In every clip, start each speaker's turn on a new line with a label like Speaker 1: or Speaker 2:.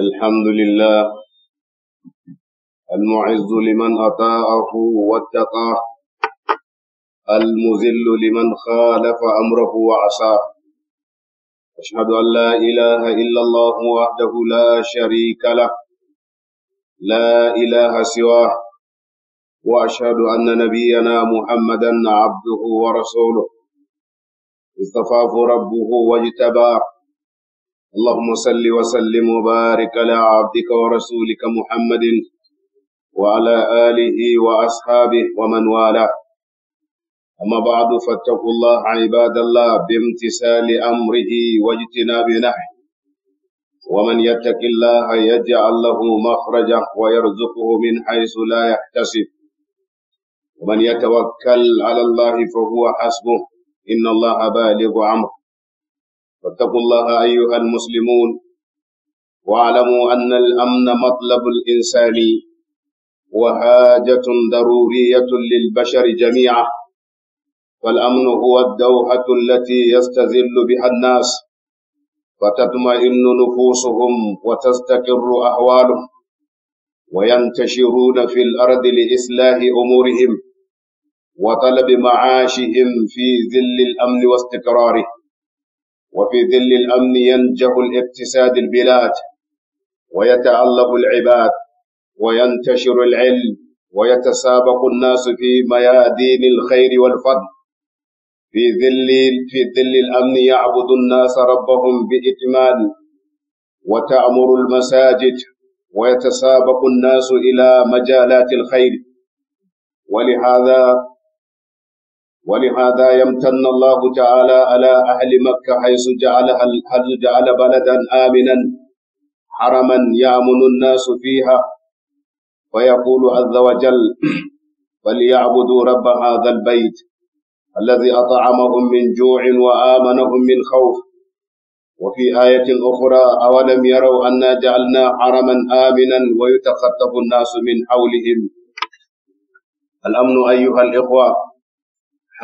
Speaker 1: الحمد لله المعز لمن أطاعه واتقاه المذل لمن خالف أمره وعصاه أشهد أن لا إله إلا الله وحده لا شريك له لا إله سواه وأشهد أن نبينا محمدا عبده ورسوله اصطفاه ربه واجتباه اللهم صل وسلم وبارك على عبدك ورسولك محمد وعلى آله وأصحابه ومن والاه أما بعد فاتقوا الله عباد الله بامتثال أمره واجتناب نهيه ومن يتق الله يجعل له مخرجا ويرزقه من حيث لا يحتسب ومن يتوكل على الله فهو حسبه إن الله بالغ أمره فاتقوا الله أيها المسلمون واعلموا أن الأمن مطلب الإنسان وحاجة ضرورية للبشر جميعا والأمن هو الدوحة التي يستذل بها الناس فتطمئن نفوسهم وتستقر أحوالهم وينتشرون في الأرض لإصلاح أمورهم وطلب معاشهم في ذل الأمن واستقراره وفي ظل الأمن ينجح الاقتصاد البلاد ويتألق العباد وينتشر العلم ويتسابق الناس في ميادين الخير والفضل في ظل في ظل الأمن يعبد الناس ربهم بإتمان وتعمر المساجد ويتسابق الناس إلى مجالات الخير ولهذا ولهذا يمتن الله تعالى على أهل مكة حيث جعلها حيث جعل بلدا آمنا حرما يأمن الناس فيها ويقول عز وجل فليعبدوا رب هذا البيت الذي أطعمهم من جوع وآمنهم من خوف وفي آية أخرى أولم يروا أنا جعلنا حرما آمنا ويتخطف الناس من حولهم الأمن أيها الإخوة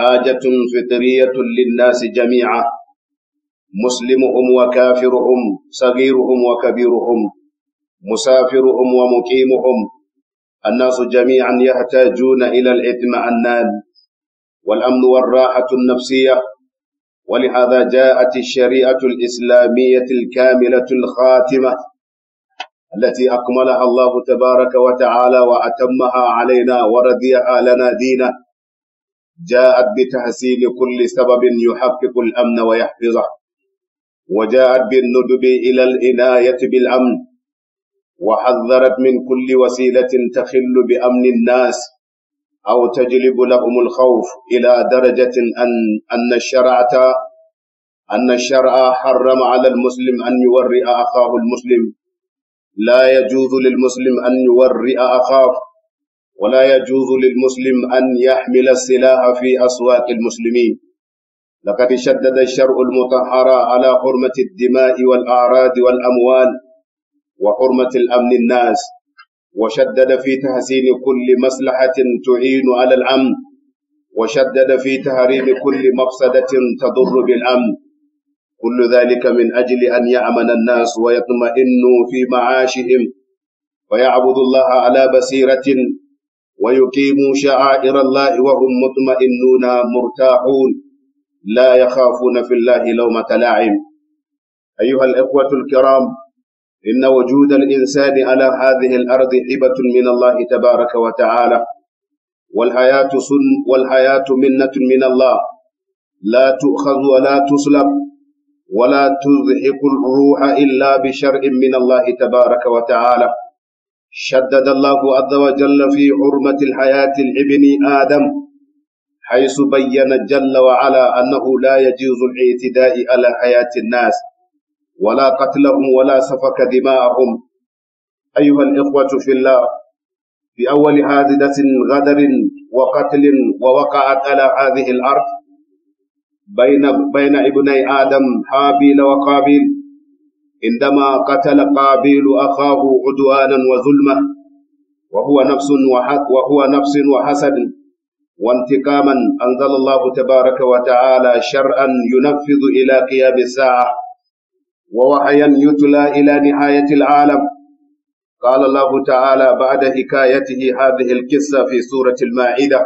Speaker 1: حاجة فطرية للناس جميعا مسلمهم وكافرهم صغيرهم وكبيرهم مسافرهم ومقيمهم الناس جميعا يحتاجون إلى الاطمئنان والأمن والراحة النفسية ولهذا جاءت الشريعة الإسلامية الكاملة الخاتمة التي أكملها الله تبارك وتعالى وأتمها علينا ورضيها لنا دينا جاءت بتحسين كل سبب يحقق الأمن ويحفظه وجاءت بالندب إلى الإناية بالأمن وحذرت من كل وسيلة تخل بأمن الناس أو تجلب لهم الخوف إلى درجة أن أن الشرعة أن الشرع حرم على المسلم أن يورئ أخاه المسلم لا يجوز للمسلم أن يورئ أخاه ولا يجوز للمسلم أن يحمل السلاح في أسواق المسلمين لقد شدد الشرع المطهر على حرمة الدماء والأعراض والأموال وحرمة الأمن الناس وشدد في تحسين كل مصلحة تعين على الأمن وشدد في تحريم كل مفسدة تضر بالأمن كل ذلك من أجل أن يأمن الناس ويطمئنوا في معاشهم ويعبد الله على بصيرة ويقيموا شعائر الله وهم مطمئنون مرتاحون لا يخافون في الله لومة لاعب أيها الإخوة الكرام إن وجود الإنسان على هذه الأرض هبة من الله تبارك وتعالى والحياة سن والحياة منة من الله لا تؤخذ ولا تسلب ولا تزحق الروح إلا بشرع من الله تبارك وتعالى شدد الله عز وجل في حرمة الحياة لابن آدم حيث بين جل وعلا أنه لا يجوز الاعتداء على حياة الناس ولا قتلهم ولا سفك دماءهم أيها الإخوة في الله في أول حادثة غدر وقتل ووقعت على هذه الأرض بين بين ابني آدم حابيل وقابيل عندما قتل قابيل أخاه عدوانا وظلمة وهو نفس وهو نفس وحسد وانتقاما أنزل الله تبارك وتعالى شرعا ينفذ إلى قيام الساعة ووحيا يتلى إلى نهاية العالم قال الله تعالى بعد حكايته هذه القصة في سورة المائدة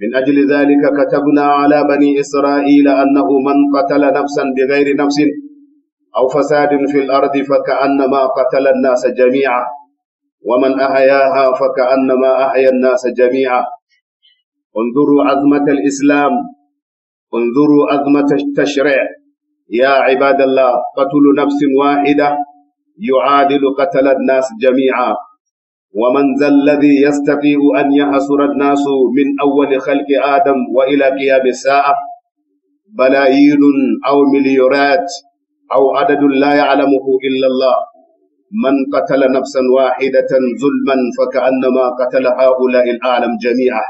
Speaker 1: من أجل ذلك كتبنا على بني إسرائيل أنه من قتل نفسا بغير نفس أو فساد في الأرض فكأنما قتل الناس جميعا ومن أحياها فكأنما أحيا الناس جميعا انظروا عظمة الإسلام انظروا عظمة التشريع يا عباد الله قتل نفس واحدة يعادل قتل الناس جميعا ومن ذا الذي يستطيع أن يحصر الناس من أول خلق آدم وإلى قيام الساعة بلايين أو مليارات أو عدد لا يعلمه إلا الله من قتل نفسا واحدة ظلما فكأنما قتل هؤلاء العالم جميعا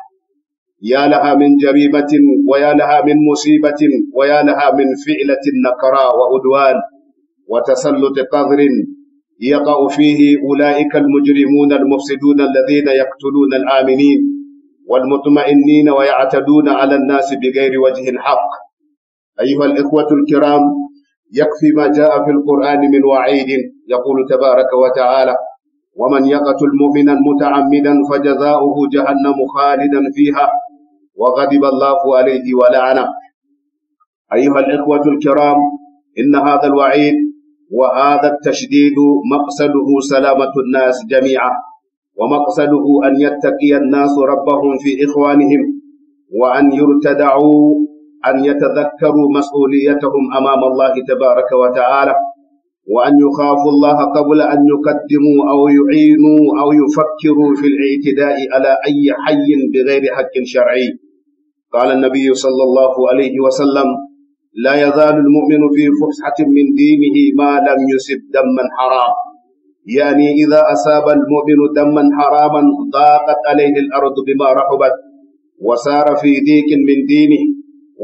Speaker 1: يا لها من جريمة ويا لها من مصيبة ويا لها من فعلة نكرا وعدوان وتسلط قذر يقع فيه أولئك المجرمون المفسدون الذين يقتلون الآمنين والمطمئنين ويعتدون على الناس بغير وجه حق أيها الإخوة الكرام يكفي ما جاء في القرآن من وعيد يقول تبارك وتعالى ومن يقتل مؤمنا متعمدا فجزاؤه جهنم خالدا فيها وغضب الله عليه ولعنه أيها الإخوة الكرام إن هذا الوعيد وهذا التشديد مقصده سلامة الناس جميعا ومقصده أن يتقي الناس ربهم في إخوانهم وأن يرتدعوا أن يتذكروا مسؤوليتهم أمام الله تبارك وتعالى وأن يخافوا الله قبل أن يقدموا أو يعينوا أو يفكروا في الاعتداء على أي حي بغير حق شرعي قال النبي صلى الله عليه وسلم لا يزال المؤمن في فسحة من دينه ما لم يسب دما حرام يعني إذا أصاب المؤمن دما حراما ضاقت عليه الأرض بما رحبت وسار في ديك من دينه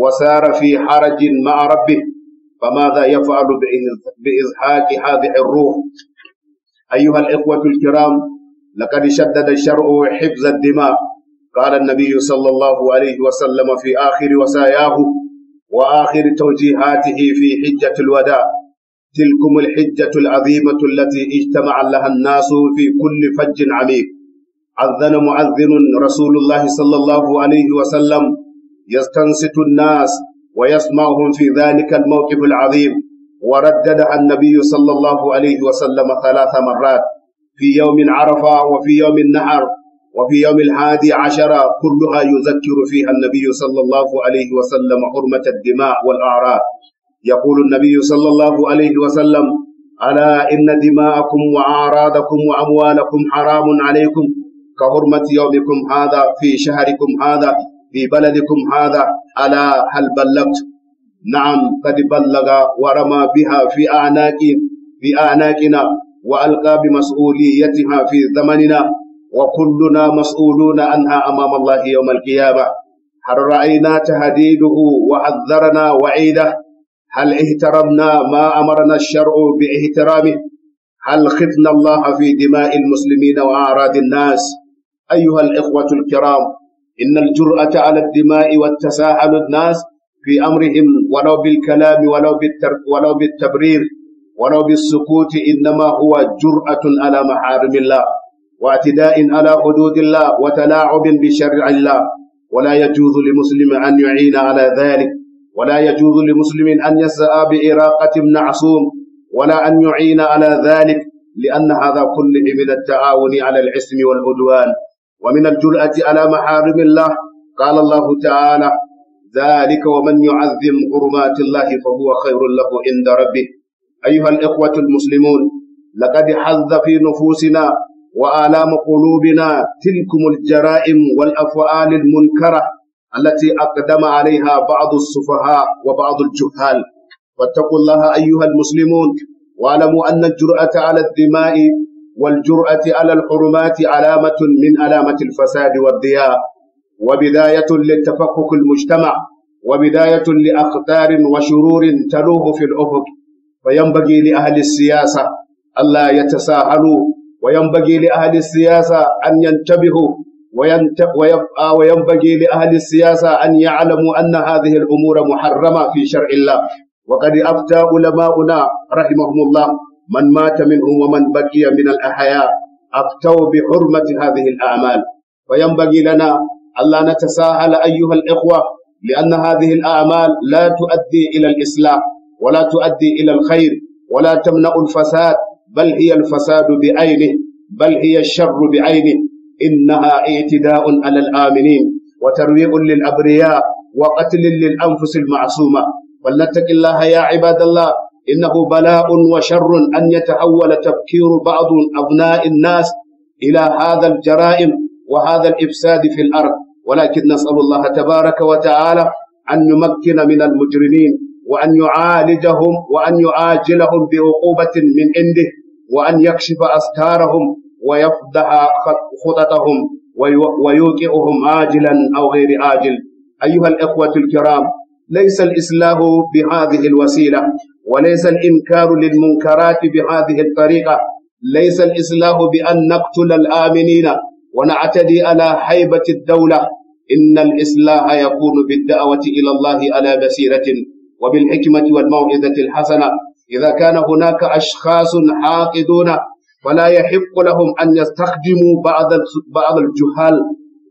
Speaker 1: وسار في حرج مع ربه فماذا يفعل بإزحاق هذه الروح أيها الإخوة الكرام لقد شدد الشرع حفظ الدماء قال النبي صلى الله عليه وسلم في آخر وساياه وآخر توجيهاته في حجة الوداع تلكم الحجة العظيمة التي اجتمع لها الناس في كل فج عميق أذن معذن رسول الله صلى الله عليه وسلم يستنصت الناس ويسمعهم في ذلك الموقف العظيم ورددها النبي صلى الله عليه وسلم ثلاث مرات في يوم عرفة وفي يوم النحر وفي يوم الحادي عشر كلها يذكر فيها النبي صلى الله عليه وسلم حرمة الدماء والأعراض يقول النبي صلى الله عليه وسلم ألا إن دماءكم وأعراضكم وأموالكم حرام عليكم كحرمة يومكم هذا في شهركم هذا في بلدكم هذا ألا هل بلغت نعم قد بلغ ورمى بها في أعناق في أعناقنا وألقى بمسؤوليتها في زمننا وكلنا مسؤولون عنها أمام الله يوم القيامة هل رأينا تهديده وحذرنا وعيده هل احترمنا ما أمرنا الشرع باحترامه هل خفنا الله في دماء المسلمين وأعراض الناس أيها الإخوة الكرام إن الجرأة على الدماء والتساهل الناس في أمرهم ولو بالكلام ولو, بالتر ولو بالتبرير ولو بالسكوت إنما هو جرأة على محارم الله واعتداء على حدود الله وتلاعب بشرع الله ولا يجوز لمسلم أن يعين على ذلك ولا يجوز لمسلم أن يسعى بإراقة معصوم ولا أن يعين على ذلك لأن هذا كله من التعاون على العسم والعدوان ومن الجرأة على محارم الله قال الله تعالى ذلك ومن يعظم حرمات الله فهو خير له عند ربه أيها الإخوة المسلمون لقد حظ في نفوسنا وآلام قلوبنا تلكم الجرائم والأفعال المنكرة التي أقدم عليها بعض السفهاء وبعض الجهال فاتقوا الله أيها المسلمون واعلموا أن الجرأة على الدماء والجرأة على الحرمات علامة من علامة الفساد والضياء وبداية للتفكك المجتمع وبداية لأخطار وشرور تلوه في الأفق فينبغي لأهل السياسة ألا يتساهلوا وينبغي لأهل السياسة أن ينتبهوا آه، وينبغي لأهل السياسة أن يعلموا أن هذه الأمور محرمة في شرع الله وقد أفتى علماؤنا رحمهم الله من مات منهم ومن بقي من الأحياء أفتوا بحرمة هذه الأعمال وينبغي لنا ألا نتساهل أيها الإخوة لأن هذه الأعمال لا تؤدي إلى الإصلاح ولا تؤدي إلى الخير ولا تمنع الفساد بل هي الفساد بعينه بل هي الشر بعينه إنها اعتداء على الآمنين وترويع للأبرياء وقتل للأنفس المعصومة فلنتق الله يا عباد الله إنه بلاء وشر أن يتحول تفكير بعض أبناء الناس إلى هذا الجرائم وهذا الإفساد في الأرض ولكن نسأل الله تبارك وتعالى أن يمكن من المجرمين وأن يعالجهم وأن يعاجلهم بعقوبة من عنده وأن يكشف أستارهم ويفضح خططهم ويوقعهم عاجلا أو غير عاجل أيها الإخوة الكرام ليس الإصلاح بهذه الوسيلة وليس الإنكار للمنكرات بهذه الطريقة ليس الإصلاح بأن نقتل الآمنين ونعتدي على هيبة الدولة إن الإصلاح يكون بالدعوة إلى الله على بصيرة وبالحكمة والموعظة الحسنة إذا كان هناك أشخاص حاقدون فلا يحق لهم أن يستخدموا بعض بعض الجهال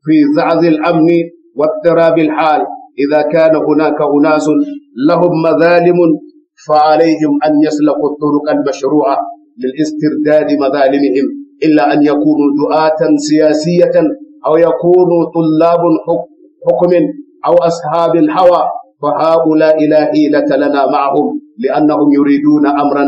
Speaker 1: في زعز الأمن واضطراب الحال إذا كان هناك أناس لهم مظالم فعليهم أن يسلكوا الطرق المشروعة للاسترداد مظالمهم إلا أن يكونوا دعاة سياسية أو يكونوا طلاب حكم أو أصحاب الهوى فهؤلاء لا حيلة لنا معهم لأنهم يريدون أمرا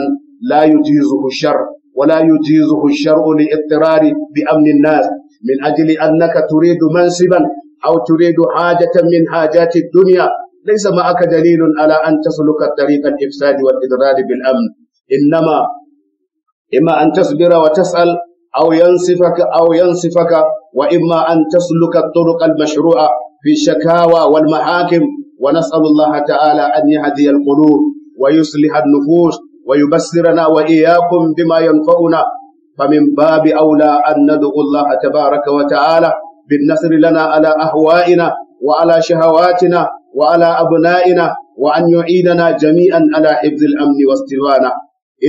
Speaker 1: لا يجيزه الشر ولا يجيزه الشر لاضطرار بأمن الناس من أجل أنك تريد منصبا أو تريد حاجة من حاجات الدنيا ليس معك دليل على أن تسلك طريق الإفساد والإضرار بالأمن إنما إما أن تصبر وتسأل أو ينصفك أو ينصفك وإما أن تسلك الطرق المشروعة في الشكاوى والمحاكم ونسأل الله تعالى أن يهدي القلوب ويصلح النفوس ويبصرنا وإياكم بما ينفعنا فمن باب أولى أن ندعو الله تبارك وتعالى بالنصر لنا على أهوائنا وعلى شهواتنا وعلى أبنائنا وأن يعيدنا جميعا على حفظ الأمن واستوانا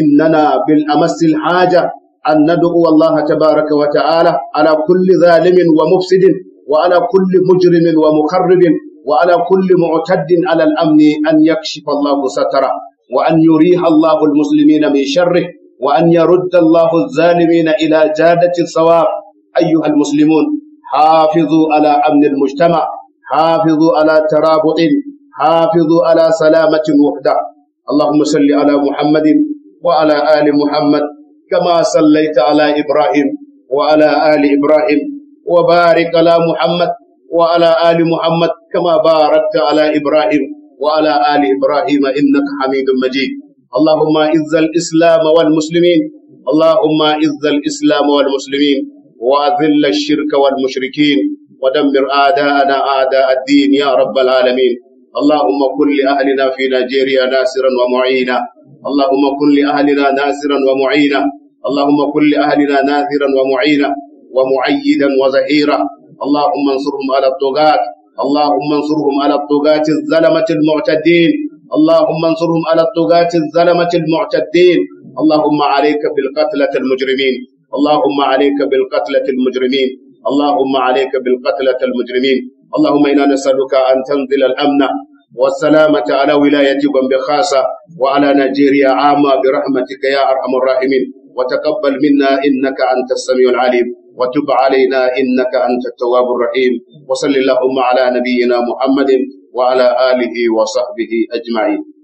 Speaker 1: إننا بالأمس الحاجة أن ندعو الله تبارك وتعالى على كل ظالم ومفسد وعلى كل مجرم ومخرب وعلى كل معتد على الأمن أن يكشف الله ستره وأن يريح الله المسلمين من شره وأن يرد الله الظالمين إلى جادة الصواب أيها المسلمون حافظوا على أمن المجتمع حافظوا على ترابط حافظوا على سلامة وحدة اللهم صل على محمد وعلى آل محمد كما صليت على إبراهيم وعلى آل إبراهيم وبارك على محمد وعلى آل محمد كما باركت على إبراهيم وعلى آل إبراهيم إنك حميد مجيد اللهم إذ الإسلام والمسلمين اللهم إذ الإسلام والمسلمين وأذل الشرك والمشركين ودمر أعداءنا أعداء الدين يا رب العالمين اللهم كن لأهلنا في نيجيريا ناصرا ومعينا اللهم كن لأهلنا ناصرا ومعينا اللهم كن لأهلنا ناصرا ومعينا ومعيدا وزهيرا اللهم انصرهم على الطغاة اللهم انصرهم على الطغاة الظلمة المعتدين اللهم انصرهم على الطغاة الظلمة المعتدين اللهم عليك بالقتلة المجرمين اللهم عليك بالقتلة المجرمين اللهم عليك بالقتلة المجرمين اللهم إنا نسألك أن تنزل الأمن والسلامة على ولاية بومبي خاصة وعلى نيجيريا عامة برحمتك يا أرحم الراحمين وتقبل منا إنك أنت السميع العليم وتب علينا إنك أنت التواب الرحيم وصل اللهم على نبينا محمد وعلى آله وصحبه أجمعين